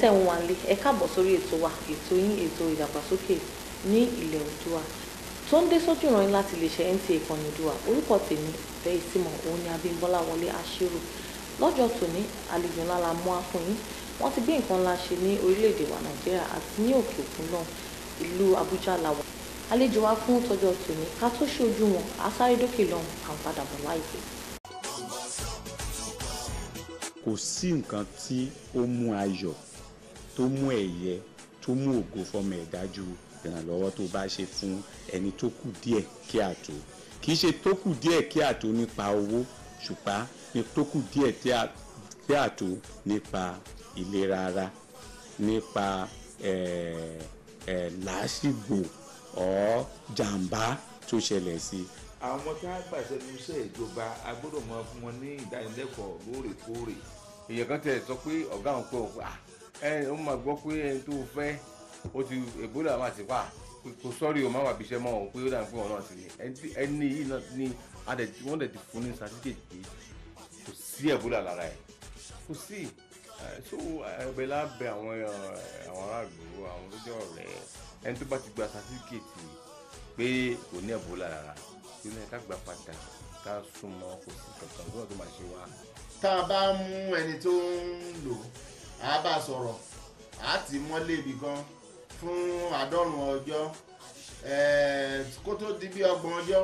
tẹ̀ ń wà lé ẹ káàbọ̀ sórí ètò wa ètò yín ètò ìdàgbàsókè ní ilẹ̀ Oòduà tó ń dé sójú ìran yín láti iléeṣẹ́ NTA ìkànnì Oòduà orúkọ tèmi bẹ́ẹ̀ ìsìmọ̀ òun ni Abímbọ́lá Wọlé Aṣírò lọ́jọ́ tòní àlejò ńlá la mú àfún yín wọ́n ti gbé nǹkan ńlá ṣe ní orílẹ̀-èdè wa Nàìjíríà àti ní òkè òkun náà ìlú Àbújá la wà àlejò wa fún tọjọ́ tòní ká tó ṣe ojú wọn á sáré dókè lọ́hùn à ń padà bọ̀ láìpẹ́ kò sí nǹkan tí ó mú ayọ̀ tó mú ẹ̀yẹ tó mú ògo fọmọ ẹ̀ dájú ìrànlọ́wọ́ tó bá ṣe fún ẹni tó kù díẹ̀ kí àtò kì í ṣe tó kù díẹ̀ kí àtò nípa owó ṣùgbọ́n ní tó kù díẹ̀ kí àtò nípa ìlera ara nípa làásìgbò ọ̀ jàǹbá tó ṣẹlẹ̀ sí i àwọn tá a gbàṣẹ ní iṣẹ́ ìjọba a gbọ́dọ̀ máa fún wọn ní ìdánilẹ́kọ̀ọ́ lóòrèkóòrè èèyàn kan tẹ̀ sọ pé ọ̀gá òun pé òun ah, ẹ ó máa gbọ́ pé ẹni tó fẹ́ ó ti ebola máa ti wà kò sọ́ọ̀rì o máa wà bíṣẹ́ mọ́ o pé ó dà fún ọ̀nà sí ni ẹni yìí náà ni wọ́n dẹ̀ ti fún ní certificate pé kò sí ebola lára ẹ̀ kò sí so ẹbẹ lábẹ àwọn àwọn aráàlú àwọn lójó rẹ ẹni tó bá ti gba certificate pé kò ní ebola lára kí ni ká gbà padà ká súnmọ́ kò sí kankan tó máa ṣe wá. tá a bá mú ẹni tó ń lò ó a bá sọ̀rọ̀ a ti ibì kan fún àádọ́rùn ọjọ́ kó tó di bí ọgbọ̀n ọjọ́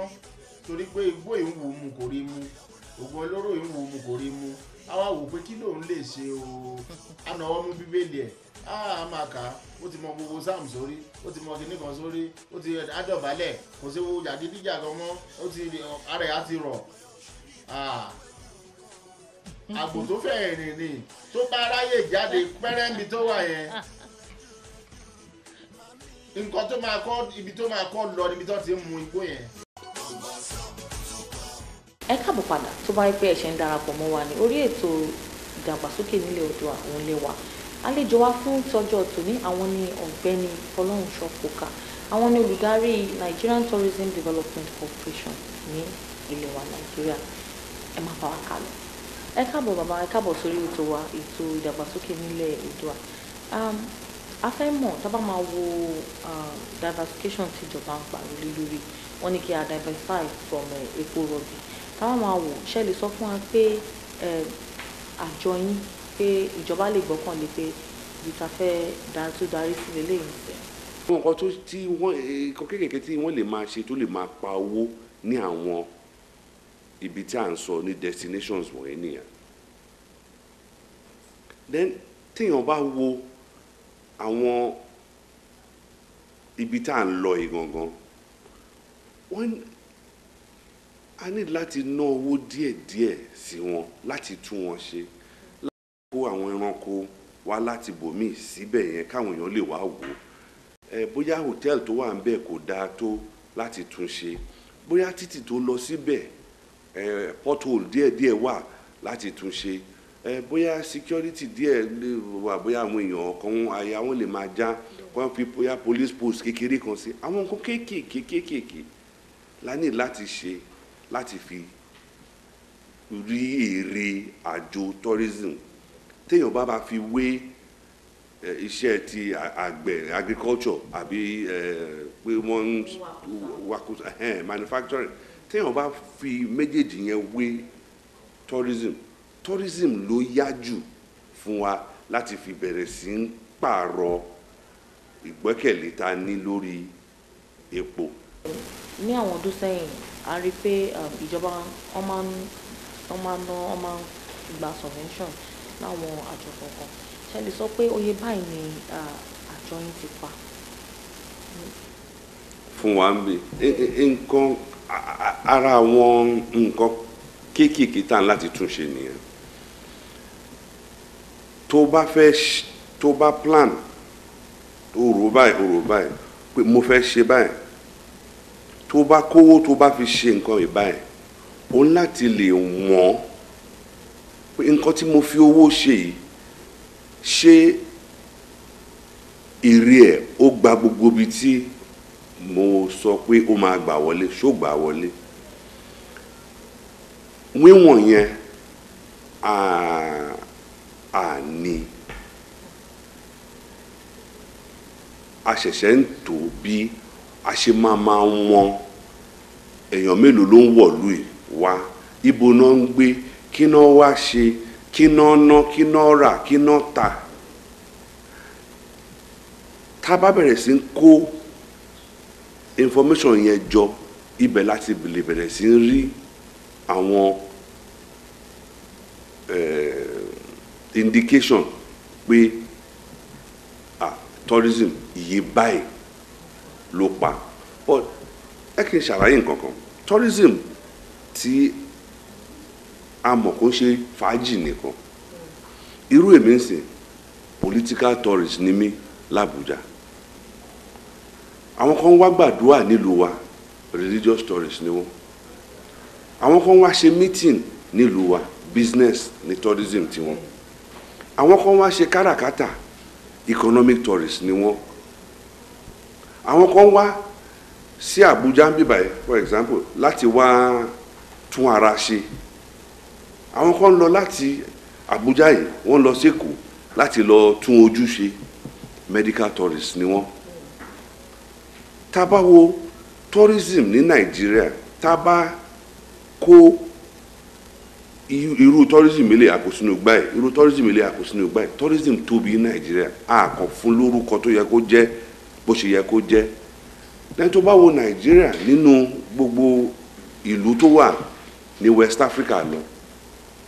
torí pé igbó yìí ń kò rí mu ògùn olóró yìí ń kò rí mu a wá wò pé kí lòun lè ṣe o ànáwó mú bíbélì ẹ̀ a máa kà á ó ti mọ gbogbo sam sórí ó ti mọ kinní kan sórí ó ti adọ̀bálẹ̀ kò sí wo jàgídíjàgan mọ́ ó ti ara ẹ̀ á ti rọ̀ Mm. àgbò tó fẹ́ rìn ni tó bá ráyè jáde pẹ́rẹ́mì tó wà yẹn nǹkan tó máa kọ́ ibi tó máa kọ́ lọ níbi tó ti ń igbó yẹn. ẹ káàbọ̀ padà tó bá pẹ́ ẹ̀ṣẹ̀ ń darapọ̀ mọ́ wa ní orí ètò ìdàgbàsókè nílẹ̀ Oòduà àwọn ilé àlejò wa fún tọjọ́ tòní àwọn ni ọ̀gbẹ́ni Fọlọ́runṣọ́ Coker àwọn ni olùdarí Nigerian Tourism Development Corporation ní ilẹ̀ wa Nàìjíríà ẹ má bá wa kà lọ ẹ káàbọ̀ bàbá ẹ káàbọ̀ sórí ètò wa ètò ìdàgbàsókè nílẹ̀ Oòduà um, a fẹ́ mọ̀ tábà máa wo um, diversification tí ìjọba ń pariwo lé lórí wọ́n ní kí a diversify from eh, epo rọ̀bì tábà máa wò ṣe lè sọ fún wa pé eh, àjọ yín pé ìjọba lè gbọ́kàn lé pé ibi a fẹ́ tó darí sí lélẹ́yìn sẹ́yìn nǹkan tó tí wọ́n eh, nǹkan kéékèèké tí wọ́n lè máa ṣe tó lè máa pa owó ní àwọn ibi tí à ń sọ ní destinations wọ̀nyí nìyẹn then téèyàn bá wo àwọn ibi tá à ń lọ yìí gangan wọ́n a ní láti ná owó díẹ̀díẹ̀ sí wọn láti tún wọn ṣe láti kó àwọn ẹranko wá láti bòmíì síbẹ̀ yẹn káwọn èèyàn lè wá wò ó ẹ bóyá hòtẹ́ẹ̀lì tó wà ń bẹ̀ kò dáa tó láti tún ṣe bóyá títì tó lọ síbẹ̀ pothole díẹ̀díẹ̀ wà láti tún ṣe bóyá security díẹ̀ lè wà bóyá àwọn èèyàn kan àyà wọn lè máa já wọn fi bóyá police post kékeré kan sí àwọn nǹkan kéékèèké kéékèèké la ní láti ṣe láti fi rí èrè àjò tourism téèyàn bá bá fi wé iṣẹ́ ti àgbẹ̀ agriculture àbí pé wọ́n ń wakùsà manufacturing téèyàn bá fi méjèèjì yẹn wé tourism tourism ló yá jù fún wa láti fi bẹ̀rẹ̀ sí ń pààrọ̀ ìgbẹ́kẹ̀lé ta ní lórí epo. ní àwọn ọdún sẹ́yìn a rí i pé um, ìjọba wọn máa ń wọn máa ń ná wọn máa ń gba subvention láwọn àjọ kọ̀ọ̀kan ṣe lè sọ pé oye báyìí ni àjọ yín ti pa. fún wa ń bè nǹkan ara àwọn nǹkan kéékèèké tá n láti túnṣe nìyẹn tó bá fẹ́ tó bá plan tó rò báyìí rò báyìí pé mo fẹ́ ṣe báyìí tó bá kówó tó bá fi ṣe nǹkan yìí báyìí o ní láti lè wọ́n pé nǹkan tí mo fi owó ṣe yìí ṣé èrè ẹ̀ ó gba gbogbo ibi tí. mo sọ pé ó máa gbà wọlé ṣó wọlé wíwọ̀n yẹn àní a ṣẹ̀ṣẹ̀ ń tò bí a ṣe máa máa wọn èèyàn mélòó ló ń wọ̀lú yìí wá ibo náà ń gbé kí náà wá ṣe kí náà ná kí náà rà kí náà tà tá a bá bẹ̀rẹ̀ sí ń kó information yẹn jọ ibẹ̀ láti lè bẹ̀rẹ̀ sí rí àwọn eh, indication pé ah tourism iye báyìí ló pa but ẹ kì í ṣàlàyé nǹkan tourism tí a mọ̀ kó ṣe fàájì nìkan irú èmi ń sìn political tourist ni mí làbújá àwọn kan wá gbàdúrà nílùú wa religious tourist ni wọn àwọn kan wá ṣe meeting nílùú wa business ni tourism tiwọn àwọn kan wá ṣe káràkátà economic tourists ni wọn àwọn kan wá sí Àbújá ń bíbáyé for example láti wá tún ara ṣe àwọn kan lọ láti Àbújá yìí wọ́n lọ sí Èkó láti lọ tún ojú ṣe medical tourists ni wọ́n tá a wo tourism ní nàìjíríà tá a kó irú tourism ilé àkósínú gbáyé irú tourism ilé àkósínú gbáyé tourism tóbi ní nàìjíríà àkàn fún lórúkọ tó yẹ kó jẹ́ bó ṣe yẹ kó jẹ́ lẹ́yìn tó bá wo nàìjíríà nínú gbogbo ìlú tó wà ní west africa lọ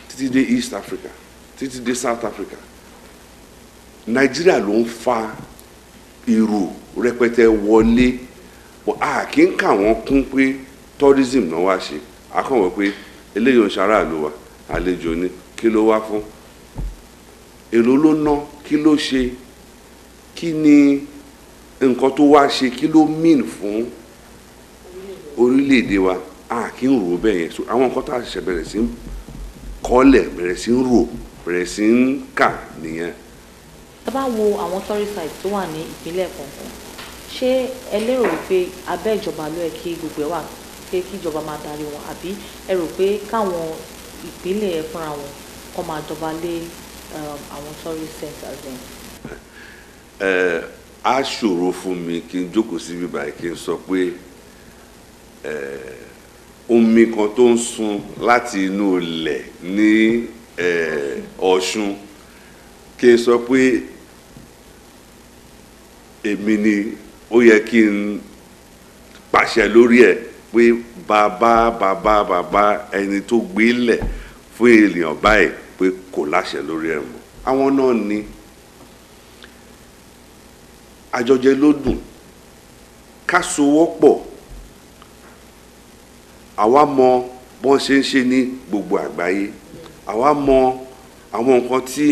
títí dé east africa títí dé south africa nàìjíríà ló ń fa èrò rẹpẹtẹ wọlé a ah, kì í kà wọ́n kún pé tourism náà wá ṣe akọ̀wé pé eléyìí oṣù aráàlú wa àlejò ni kí ló wá fún èló ló ná kí ló ṣe kí ni nǹkan tó wá ṣe kí ló mean fún orílẹ̀-èdè wa a kì í rò bẹ́ẹ̀ yẹn so àwọn nǹkan tá a bẹ̀rẹ̀ sí kọ́lẹ̀ bẹ̀rẹ̀ sí rò bẹ̀rẹ̀ sí kà nìyẹn. tá a bá wo àwọn tourist sites tó wà ní ìpínlẹ̀ kọ̀ọ̀kan ṣé ẹ lérò wípé abẹ́ ìjọba ló yẹ kí gbogbo ẹ̀ wà pé kí ìjọba máa darí wọn àbí ẹ rò pé káwọn ìpínlẹ̀ ẹ̀ fúnra wọn kọ́ máa jọba lé um, àwọn tourist centers yẹn. ẹ á ṣòro fún mi kí n jókòó síbi báyìí kí n sọ pé omi kan tó ń sun láti inú ilẹ̀ ní ọ̀ṣun kí n sọ pé èmi ni ó yẹ kí n pàṣẹ lórí ẹ̀ pé bàbá bàbá bàbá ẹni tó gbé lẹ̀ fún èèyàn báyìí pé kò láṣẹ lórí ẹ̀ mọ́ àwọn náà ni àjọjẹ ló dùn ká sowọ́pọ̀ àwa mọ bọ́n ṣe ń ṣe ní gbogbo àgbáyé àwa mọ àwọn nǹkan tí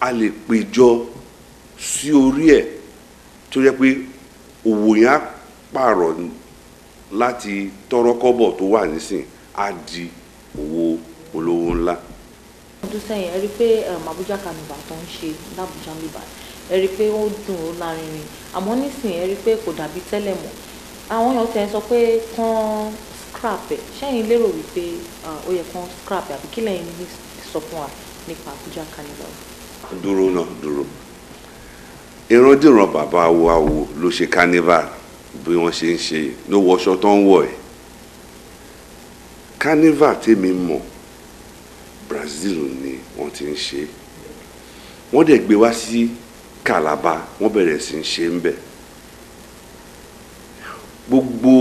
a lè péjọ sí orí ẹ̀ tó jẹ́ pé òwò yẹn á pààrọ̀ láti tọrọ kọ́bọ̀ tó wà nísìn á di owó olówó ńlá. ọdún sẹ́yìn ẹ rí i pé um, Abuja Carnival tó ń ṣe lábújá níbà ẹ rí i pé ó dùn ó lárinrin àmọ́ nísìn ẹ rí i pé kò dàbí tẹ́lẹ̀ mọ́ àwọn èèyàn tẹ̀ sọ pé kán scrap ẹ̀ sẹ́yìn lérò wípé ó yẹ kán scrap ẹ̀ àbí kí lẹ́yìn sọ fún wa nípa Abuja Carnival. dúró náà dúró ìrandíran bàbá wa wo ló ṣe carnival bí wọ́n ṣe ń ṣe ló wọṣọ tó ń wọ̀ ẹ́ carnival tèmi mọ̀ Brazil ni wọ́n ti ń ṣe wọ́n dẹ̀ gbé wá sí Calabar wọ́n bẹ̀rẹ̀ sí ń ṣe ń bẹ̀ gbogbo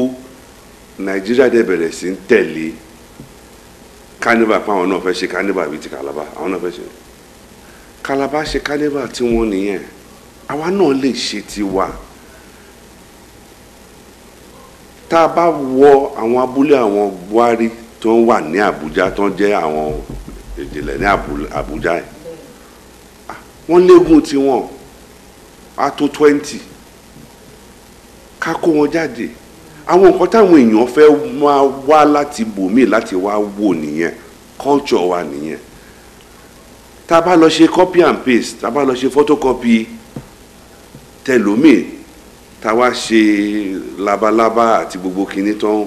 Nàìjíríà dẹ̀ bẹ̀rẹ̀ sí ń tẹ̀lé carnival pa àwọn náà fẹ́ ṣe carnival bíi ti Calabar àwọn náà fẹ́ ṣe Calabar ṣe carnival tí wọ́n nìyẹn àwa náà lè ṣe tiwa tá a bá wọ àwọn abúlé àwọn Buhari tó ń wà ní Àbújá tó ń jẹ́ àwọn ìjìnlẹ̀ ní Àbújá yìí wọ́n léegun tiwọn á tó twenty ká kó wọn jáde àwọn nǹkan táwọn èèyàn fẹ́ máa wá láti bòmí láti wá wò nìyẹn culture wa nìyẹn tá a bá lọ ṣe copy and paste tá a bá lọ ṣe photocopy tẹlómìn táwa ṣe labalábá àti gbogbo kinní tán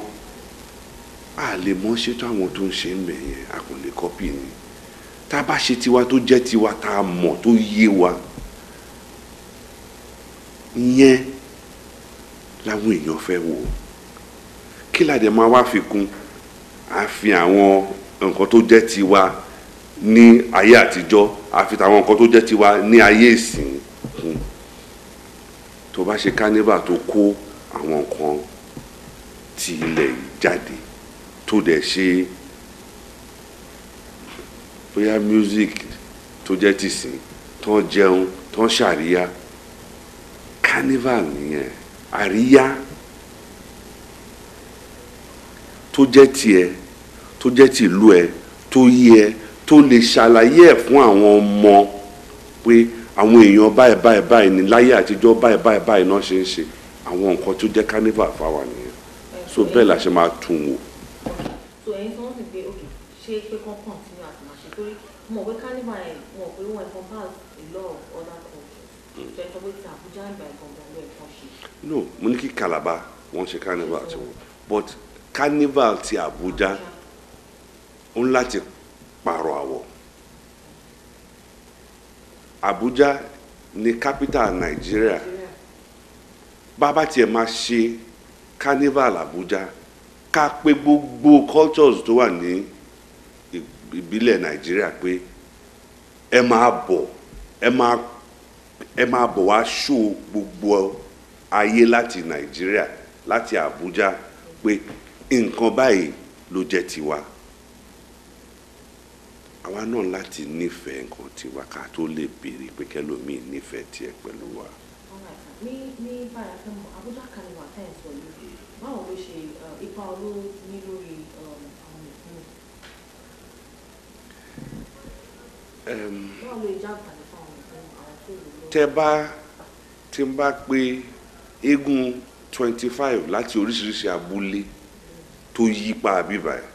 a lè mọ ṣètò àwọn tó ń ṣe ń bẹ̀ yẹn a kò lè kọ́pì ni tá a bá ṣe tiwa tó jẹ́ tiwa tá a tó yé wa yẹn làwọn èèyàn fẹ́ wò kí ládẹ máa wá fi kún a fi àwọn nǹkan tó jẹ́ tiwa ní ayé àtijọ́ àfi tàwọn nǹkan tó jẹ́ tiwa ní ayé ìsìn kún tó bá ṣe kánífà tó kó àwọn nǹkan ti ilẹ̀ jáde tó dẹ̀ ṣe bóyá music tó jẹ́ tìsín tó ń jẹun tó ń ṣàríyá kánífà nìyẹn àríyá tó jẹ́ tiẹ̀ tó jẹ́ tìlú ẹ tó yẹ tó lè ṣàlàyé ẹ̀ fún àwọn ọmọ pé àwọn èèyàn báyìí báyìí báyìí ní láyé àtijọ́ báyìí báyìí báyìí náà ṣe ń ṣe àwọn nǹkan tó jẹ́ kánífà fáwa nìyẹn so bẹ́ẹ̀ la ṣe máa tún wò. so ẹ̀yin tí wọ́n sì gbé òkè ṣé pé kán kàn sínú àtúnṣe torí mo pé kánífà yẹn mo pé wọ́n ẹ̀fọn bá ìlọ ọ̀dà kan jẹ́ sọ pé Àbújá ìgbà ìgbọ̀ngàn ló ẹ̀fọn ṣe. no mo ní kí Kàlàbá wọ́n ṣe kánífà tiwọn but kánífà ti Àbújá ó ń láti pààrọ̀ àwọ̀ Abuja n'i capital nigeria babatia tiẹ̀ máa ṣe carnival Abuja ká pé gbogbo cultures tó wà ní ìbílẹ̀ nigeria pé ẹ máa bọ̀ ẹ máa ẹ máa bọ̀ wá ṣó gbogbo ayé láti nigeria láti Abuja pé nǹkan báyìí ló jẹ́ tiwa. àwa náà láti nífẹ̀ẹ́ nǹkan tiwa ká tó lè béèrè pé kẹlòmíì nífẹ̀ẹ́ tiẹ̀ pẹ̀lú wa. ní ní bára fẹ́ mọ abúlá kaliwa tá ẹ̀ sọ yìí báwo ló ṣe ipa olóró ní lórí àwọn ìpínlẹ̀. báwo ló já àǹfààní fún àwọn ìpínlẹ̀ tẹ bá tí n bá pé eégún twenty five láti oríṣiríṣi abúlé tó yípa bíbáyìí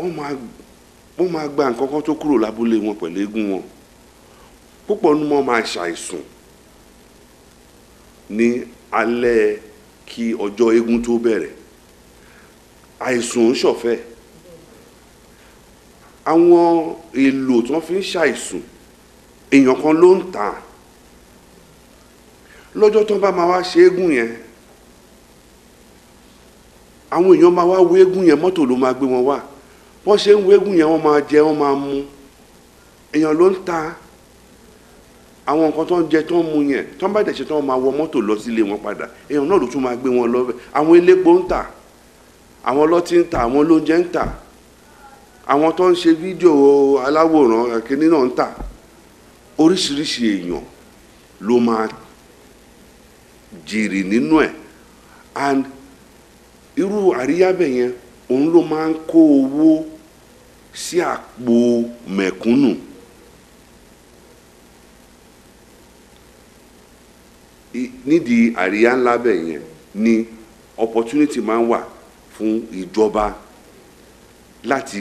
wọ́n máa wọ́n máa gba nǹkan kan tó kúrò lábúlé wọn pẹ̀lú eégún wọn púpọ̀ nínú wọn máa ṣàìsùn ní alẹ́ kí ọjọ́ eégún tó bẹ̀rẹ̀ àìsùn ń ṣọ̀fẹ́ àwọn èlò tí wọ́n fi ń ṣàìsùn èèyàn kan ló ń tà lọ́jọ́ tó bá máa wá ṣe eégún yẹn àwọn èèyàn máa wá wo eégún yẹn mọ́tò ló máa gbé wọn wá bó ṣe ń wégùn yẹn wọ́n máa jẹ wọ́n máa mu èèyàn ló ń ta àwọn nǹkan tó ń jẹ tó ń mu yẹn tó ń bá dẹ̀ ṣe tó ń máa wọ mọ́tò lọ sílé wọn padà èèyàn náà ló tún máa gbé wọn lọ́fẹ̀ẹ́ àwọn elépo ń tà àwọn ọlọ́tí ń tà àwọn olóúnjẹ ń tà àwọn tó ń ṣe fídíò aláwòrán kínní náà ń tà oríṣiríṣi èèyàn ló máa jèrè nínú ẹ̀ and irú àríyábẹ̀ yẹn òun ló máa ń kó owó sí àpò mẹ̀kúnnù nídìí àríyá ńlá bẹ́ẹ̀ yẹn ni opportunity máa ń wà fún ìjọba láti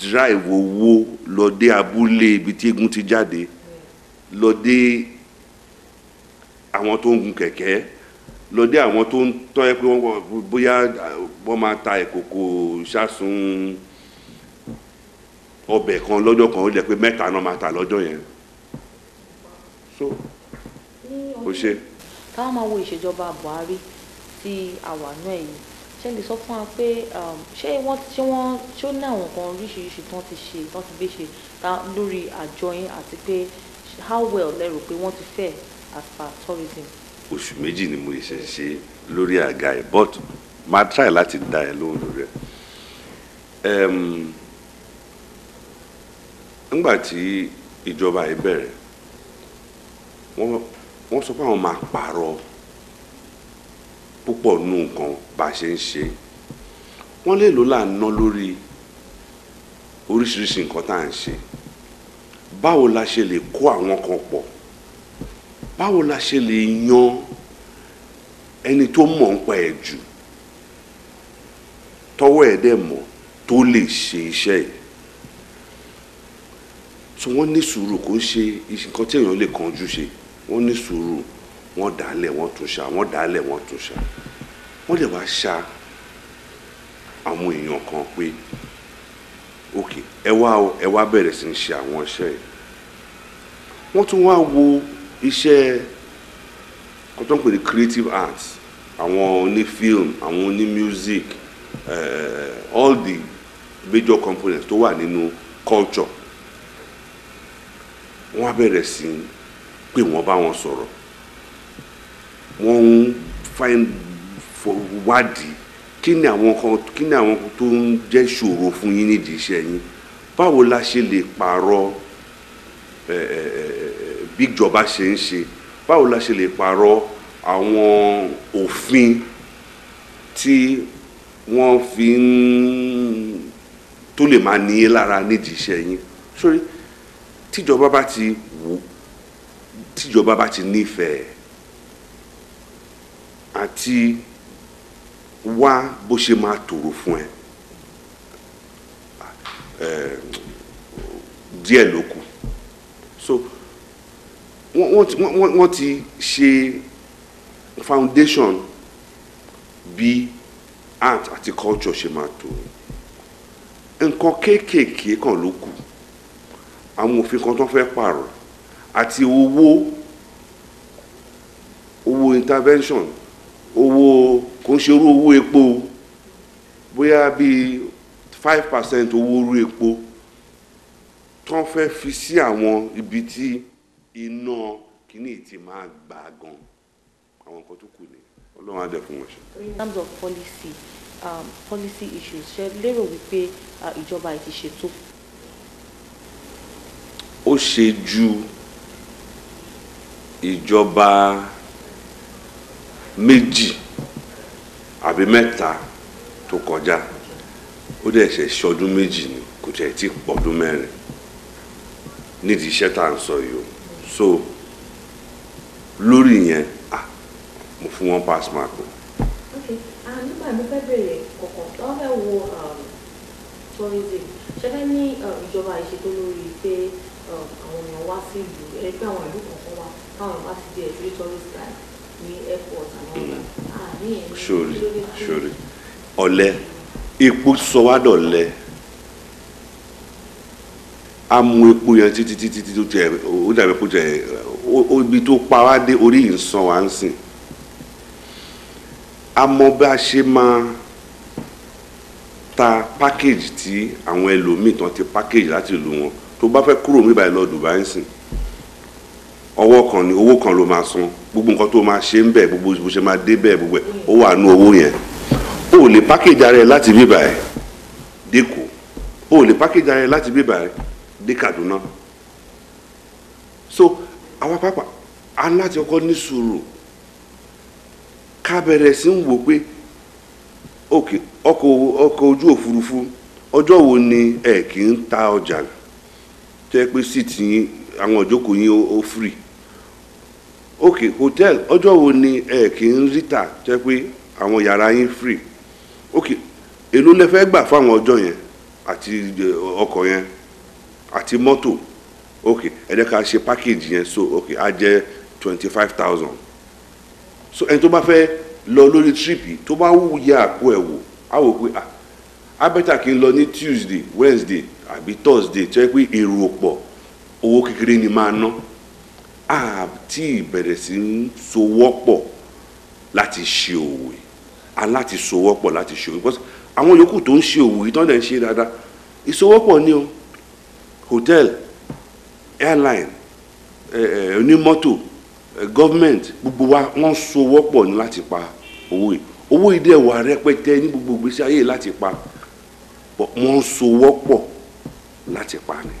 drive owó lọ dé abúlé ibi tí eégún ti jáde lọ dé àwọn tó ń gun kẹ̀kẹ́ lọ dé àwọn tó ń tọ́ ẹ pé wọ́n bóyá wọ́n máa ta ìkòkò ṣásun ọbẹ̀ kan lọ́jọ́ kan ó lẹ̀ pé mẹ́ta náà máa tà lọ́jọ́ yẹn so ó ṣe. ká máa wo ìṣèjọba Buhari tí àwa náà yìí ṣe lè sọ fún wa pé um, ṣé wọ́n ṣé wọ́n ṣé ó ní àwọn nǹkan oríṣiríṣi tán ti ṣe tán ti gbé ṣe lórí àjọ yín àti pé how well lérò pé wọ́n ti fẹ́ as per tourism. oṣù méjì ni mo ṣe ṣe lórí àga ẹ̀ but máa try láti dá ẹ lóhùn lórí ẹ̀. Um, nígbà ìjọba yìí bẹ̀rẹ̀ wọ́n sọ pé àwọn máa pààrọ̀ púpọ̀ nù nǹkan bá a ṣe ń ṣe wọ́n lè lò láàánú lórí oríṣiríṣi nǹkan tá à ń ṣe báwo la ṣe lè kó àwọn kan pọ̀ báwo la ṣe lè yan ẹni tó mọ̀ ń pa ẹ̀ jù tọwọ́ ẹ̀ dẹ̀ mọ̀ tó lè ṣe iṣẹ́ yìí so wọ́n ní sùúrù kò ń ṣe nǹkan tí èèyàn lè kanjú ṣe wọ́n ní sùúrù wọ́n dàálẹ̀ wọ́n tún ṣá wọ́n dàálẹ̀ wọ́n tún ṣá wọ́n lè wá ṣá àwọn èèyàn kan pé ok ẹ wá ẹ wá bẹ̀rẹ̀ sí ní ṣe àwọn iṣẹ́ yìí wọ́n tún wá wo iṣẹ́ kan tó ń pè ní creative arts àwọn oní film àwọn oní music uh, all the major components tó wà nínú culture wọ́n á bẹ̀rẹ̀ sí í pé wọ́n bá wọn sọ̀rọ̀ wọ́n ń wádìí kí ni àwọn kan kí ni àwọn tó ń jẹ́ ṣòro fún yín nídìí iṣẹ́ yín báwo la ṣe lè pààrọ̀ bí ìjọba ṣe ń ṣe báwo la ṣe lè pààrọ̀ àwọn òfin tí wọ́n fi ń tó lè máa ní lára nídìí iṣẹ́ yín sórí tíjọba bá ti wù tíjọba bá ti nífẹ̀ẹ́ àti wá bó ṣe máa tòrò fún ẹ díẹ̀ ló kù so wọ́n ti ṣe foundation bí art àti culture ṣe máa tòrò nǹkan kéékèèké kan ló kù àwọn òfin kan tó fẹ́ pààrọ̀ àti owó owó intervention owó kò ń ṣerú owó epo bóyá bíi five percent owó orí epo tó fẹ́ fi sí àwọn ibi tí iná kìíní ti máa gbà gan àwọn nǹkan tó kù ni ọlọ́run á jẹ́ fún wọn ṣe. in terms of policy um, policy issues ṣe lérò wípé uh, ìjọba ti ṣètò ó ṣe ju ìjọba méjì àbí mẹ́ta tó kọjá ó dẹ̀ ṣe ṣọdún méjì ni kò tẹ̀ tí pọ̀dún mẹ́rin nídìí iṣẹ́ tá à ń sọ yìí o so lórí yẹn ah mo fún wọn pass mark o. ok nígbà mi fẹ́ bèrè kọ̀ọ̀kan tó fẹ́ wo um, tourism ṣẹ́fẹ́ ní um, ìjọba ìṣètò lórí pé àwọn èèyàn wá sí ìlú ẹgbẹ́ àwọn ìlú kọ̀ọ̀kan wá táwọn èèyàn wá sí di ẹ̀jú tourist guide ní airport àwọn mm. ah, ọ̀gá. epo sọ wá a mú epo yẹn títí títí títí tó tiẹ̀ ó dàbí epo tiẹ̀ ó ibi tó pa wá dé orí yìí ń san wá ń sìn a mọ bá a ṣe máa ta package tí àwọn ẹlòmíì tán ti package láti ìlú wọn tó bá fẹ́ kúrò mí báyìí lọ Dubai ń sìn ọwọ́ kan ni owó kan ló máa san gbogbo nǹkan tó máa ṣe ń gbogbo bó ma máa dé gbogbo ẹ̀ ó wà nú yẹn o lè pákéjì ara ẹ láti o lè pákéjì ara ẹ láti Kaduna so àwa pápá aláti ọkọ ní sùúrù ká bẹ̀rẹ̀ sí ń wò pé ọkọ̀ ojú òfurufú ọjọ́ wo ni ẹ kì í tó yẹ pé síìtì yín àwọn òjókòó yín ó free ok hotel ọjọ́ wo ni ẹ kì í ríta tó yẹ pé àwọn yàrá yín free ok èló lẹ fẹ́ gbà fáwọn ọjọ́ yẹn àti ọkọ̀ yẹn àti mọ́tò ok ẹ jẹ́ ká ṣe package yẹn so ok á jẹ́ twenty five thousand so ẹni tó bá fẹ́ lọ lórí tírípì tó bá wù yẹ àpò ẹ̀ wò á wò pé ah abẹ́tà kì í lọ ní Tuesday Wednesday àbí thursday tó yẹ pé èrò pọ̀ owó kékeré ni máa ná àti ìbẹ̀rẹ̀ sí ń sowọ́pọ̀ láti ṣe òwe aláti sowọ́pọ̀ láti ṣe òwe because àwọn yòókù tó ń ṣe òwe ìtàn dẹ̀ ṣe dáadáa ìsowọ́pọ̀ ni o hotel airline onímọ́tò government gbogbo wa wọ́n sowọ́pọ̀ ní láti pa owó yìí owó yìí dẹ̀ wà rẹpẹtẹ ní gbogbo ìgbésí ayé láti pa wọ́n sowọ́pọ̀ láti pa ni.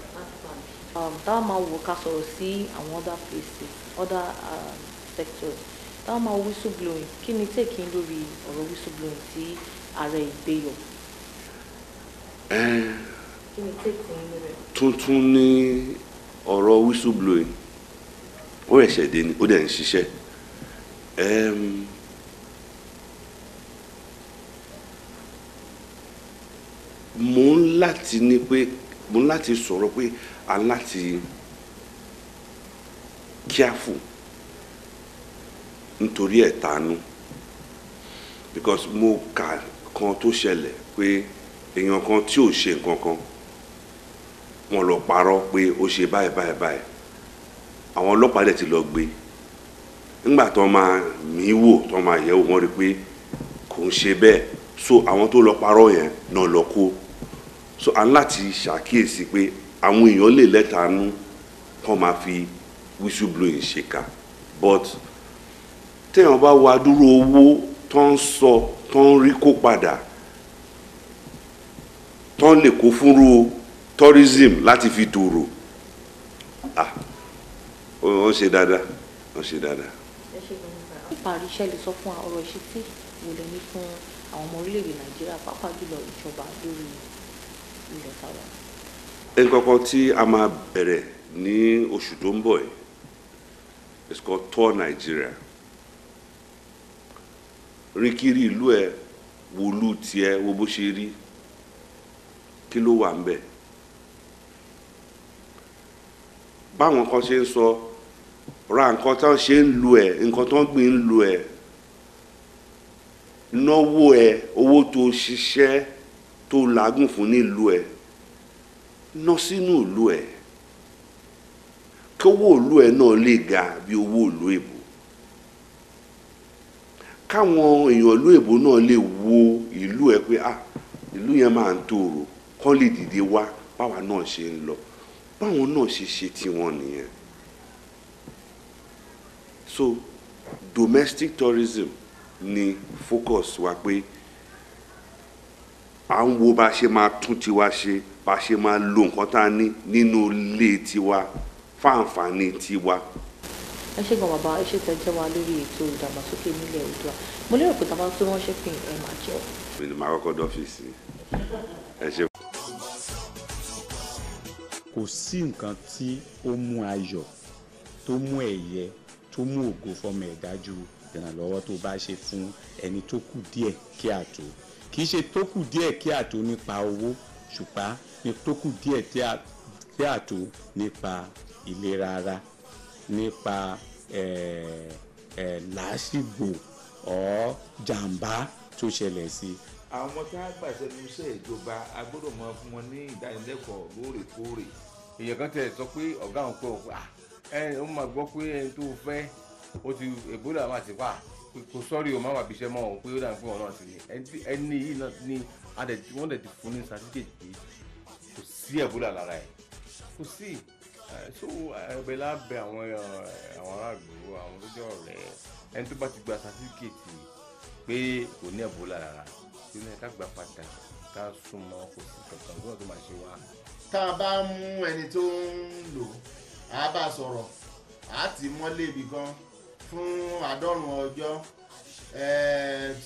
Um, táwa máa wò ká sọ̀rọ̀ sí àwọn other places other um, sectors táwa máa wo whistleblowing kí ni tẹ́kìn lórí ọ̀rọ̀ whistleblowing tí ààrẹ ìgbé yọ. tuntun ni ọ̀rọ̀ whistleblowing ó rẹ̀ ṣẹ̀dẹ̀ ni ó dẹ̀ ń ṣiṣẹ́ mo ń láti ní pé mo ń láti sọ̀rọ̀ pé a ń láti kíáfù nítorí ẹ̀tanú because mo kà kan tó ṣẹlẹ̀ pé èèyàn kan tí ò ṣe nǹkan kan wọn lọ parọ́ pé ó ṣe báyìí báyìí báyìí àwọn ọlọ́pàá dẹ̀ ti lọ gbé nígbà tó máa mí wò tó máa yẹ̀ wò wọ́n rí pé kò ń ṣe bẹ́ẹ̀ so àwọn tó lọ parọ́ yẹn náà lọ kó so à ń láti ṣàkíyèsí pé àwọn èèyàn lè lẹ́tàánú kàn máa fi whistleblowing ṣèkà but téèyàn bá wá dúró owó tó ń sọ tó ń rí kó padà tó ń lè kó fúnrú tourism láti fi tòrò ah ó ń ṣe dáadáa ó ń ṣe dáadáa. parí iṣẹ́ lè sọ fún ọ̀rọ̀ ìṣítí wò lè ní fún àwọn ọmọ orílẹ̀-èdè nàìjíríà pàápàá jùlọ ìjọba lórí nǹkan kan tí a máa bẹ̀rẹ̀ ní oṣù tó ń bọ̀ yìí it's called tour Nigeria rìn kiri ìlú ẹ wòlú tiẹ wo bó ṣe rí kí ló wà ń bẹ̀ báwọn kan ṣe ń sọ ra nǹkan tó ṣe ń lu ẹ nǹkan tó ń gbìn ń lu ẹ náwó ẹ owó tó ṣiṣẹ́ tó làágùn fún nílùú ẹ ná sínú ìlú ẹ kówó ìlú ẹ náà lè ga bí owó ìlú èbó káwọn èèyàn ìlú èbó náà lè wo ìlú ẹ pé ah ìlú yẹn máa ń tòrò kán lè dìde wá báwa náà ṣe ń lọ báwọn náà ṣe ṣe tiwọn nìyẹn so domestic tourism ni focus wa pé à ń wo bá a ṣe máa tún tiwa ṣe bá a ṣe máa lo nǹkan tá a ní nínú ilé tiwa fáǹfààní tiwa. ẹ ṣe gan bàbá ẹ ṣe tẹ jẹ wa lórí ètò ìdàgbàsókè nílẹ̀ Oòduà mo lérò pé tàbá tó ránṣẹ́ pé ẹ máa jẹ. mi ni màá kọ́kọ́ dọ́fíìsì ẹ ṣe. kò sí nǹkan tí ó mú ayọ̀ tó mú ẹ̀yẹ tó mú ògo fọmọ ẹ̀ dájú ìrànlọ́wọ́ tó bá ṣe fún ẹni tó kù díẹ̀ kí a kì í ṣe tó kù díẹ̀ kí àtò nípa owó ṣùgbọ́n ní tó kù díẹ̀ kí àtò nípa ìlera ara nípa làásìgbò ọ̀ jàǹbá tó ṣẹlẹ̀ sí àwọn tá a gbà sẹ́nu iṣẹ́ ìjọba a gbọ́dọ̀ mọ fún wọn ní ìdánilẹ́kọ̀ọ́ lóòrèkóòrè. èèyàn kan tẹ̀ sọ pé ọ̀gá òun pé òun pé ẹ máa gbọ́ pé ẹni tó fẹ́ ó ti Ebola máa ti pa kò sọ́rí o má wà bíṣẹ́ mọ́ o pé ó dà fún àti ẹni yìí ni wọ́n dẹ̀ ti fún ní certificate kò sí ẹ̀bùdà lára ẹ̀ kò sí so ẹ̀bẹ̀ lábẹ́ àwọn àwọn aráàlú àwọn tó jẹ́ ọ̀rẹ́ ẹni tó bá ti gba certificate pé kò ní ẹ̀bùdà lára kí ni ká gbà padà ká súnmọ́ kò sí kankan gbọ́dọ̀ tó máa ṣe wá. tá a bá mú ẹni tó ń lò á bá sọ̀rọ̀ á ti mọ́lé ibì gan fún àádọ́rùn ọjọ́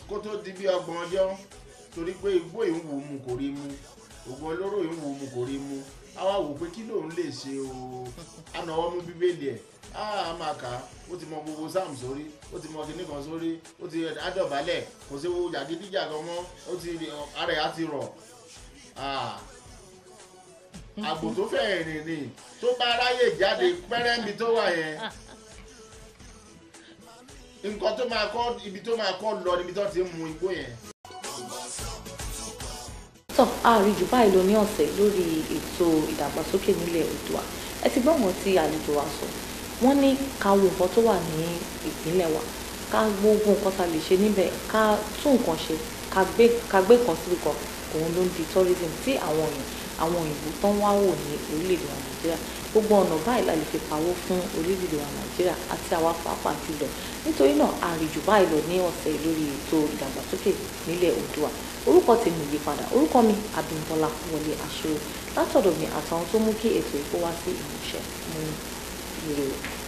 kó tó di bí ọgbọ̀n ọjọ́ torí pé igbó yìí ń wù mú kò rí mu ògùn olóró yìí ń wù mú kò rí mu a wá wò pé kí lòun lè ṣe o ànáwọ́ mú bíbélì ẹ̀ a máa kà á ó ti mọ gbogbo sam sórí ó ti mọ kinní kan sórí ó ti adọ̀bálẹ̀ kò sí wo jàgídíjàgan mọ́ ó ti ara ẹ̀ á ti rọ̀ àgbò tó fẹ́ rìn ni tó bá aráyè jáde pẹ́rẹ́mì tó wà yẹn nǹkan tó máa kọ́ ibi tó máa kọ́ lọ níbi tó ti ń mu igbó yẹn. sọ àárín jù báyìí lọ ní ọ̀sẹ̀ lórí ètò ìdàgbàsókè nílẹ̀ Oòduà ẹ ti gbọ́ wọn tí àlejò wa sọ wọ́n ní ká wo nǹkan tó wà ní ìpínlẹ̀ wa ká gbógun nǹkan tá a lè ṣe níbẹ̀ ká tún nǹkan ṣe ká gbé kan síbi kan òun ló ń di tourism tí àwọn òyìnbó tán wá wò ní orílẹ̀-èdè Nàìjíríà gbogbo ọ̀nà báyìí la lè fi pawó fún orílẹ̀-èdè wa nàìjíríà àti àwa pàápàá jùlọ nítorí náà àrìjù báyìí lọ ní ọ̀sẹ̀ lórí ètò ìdàgbàsókè nílẹ̀ oòdùà orúkọ tèmi yí padà orúkọ mi abímbọ́lá wọlé aṣọ látọ̀dọ̀ mi àtàwọn tó mú kí ètò ìkówá sí ìmúṣẹ mú ire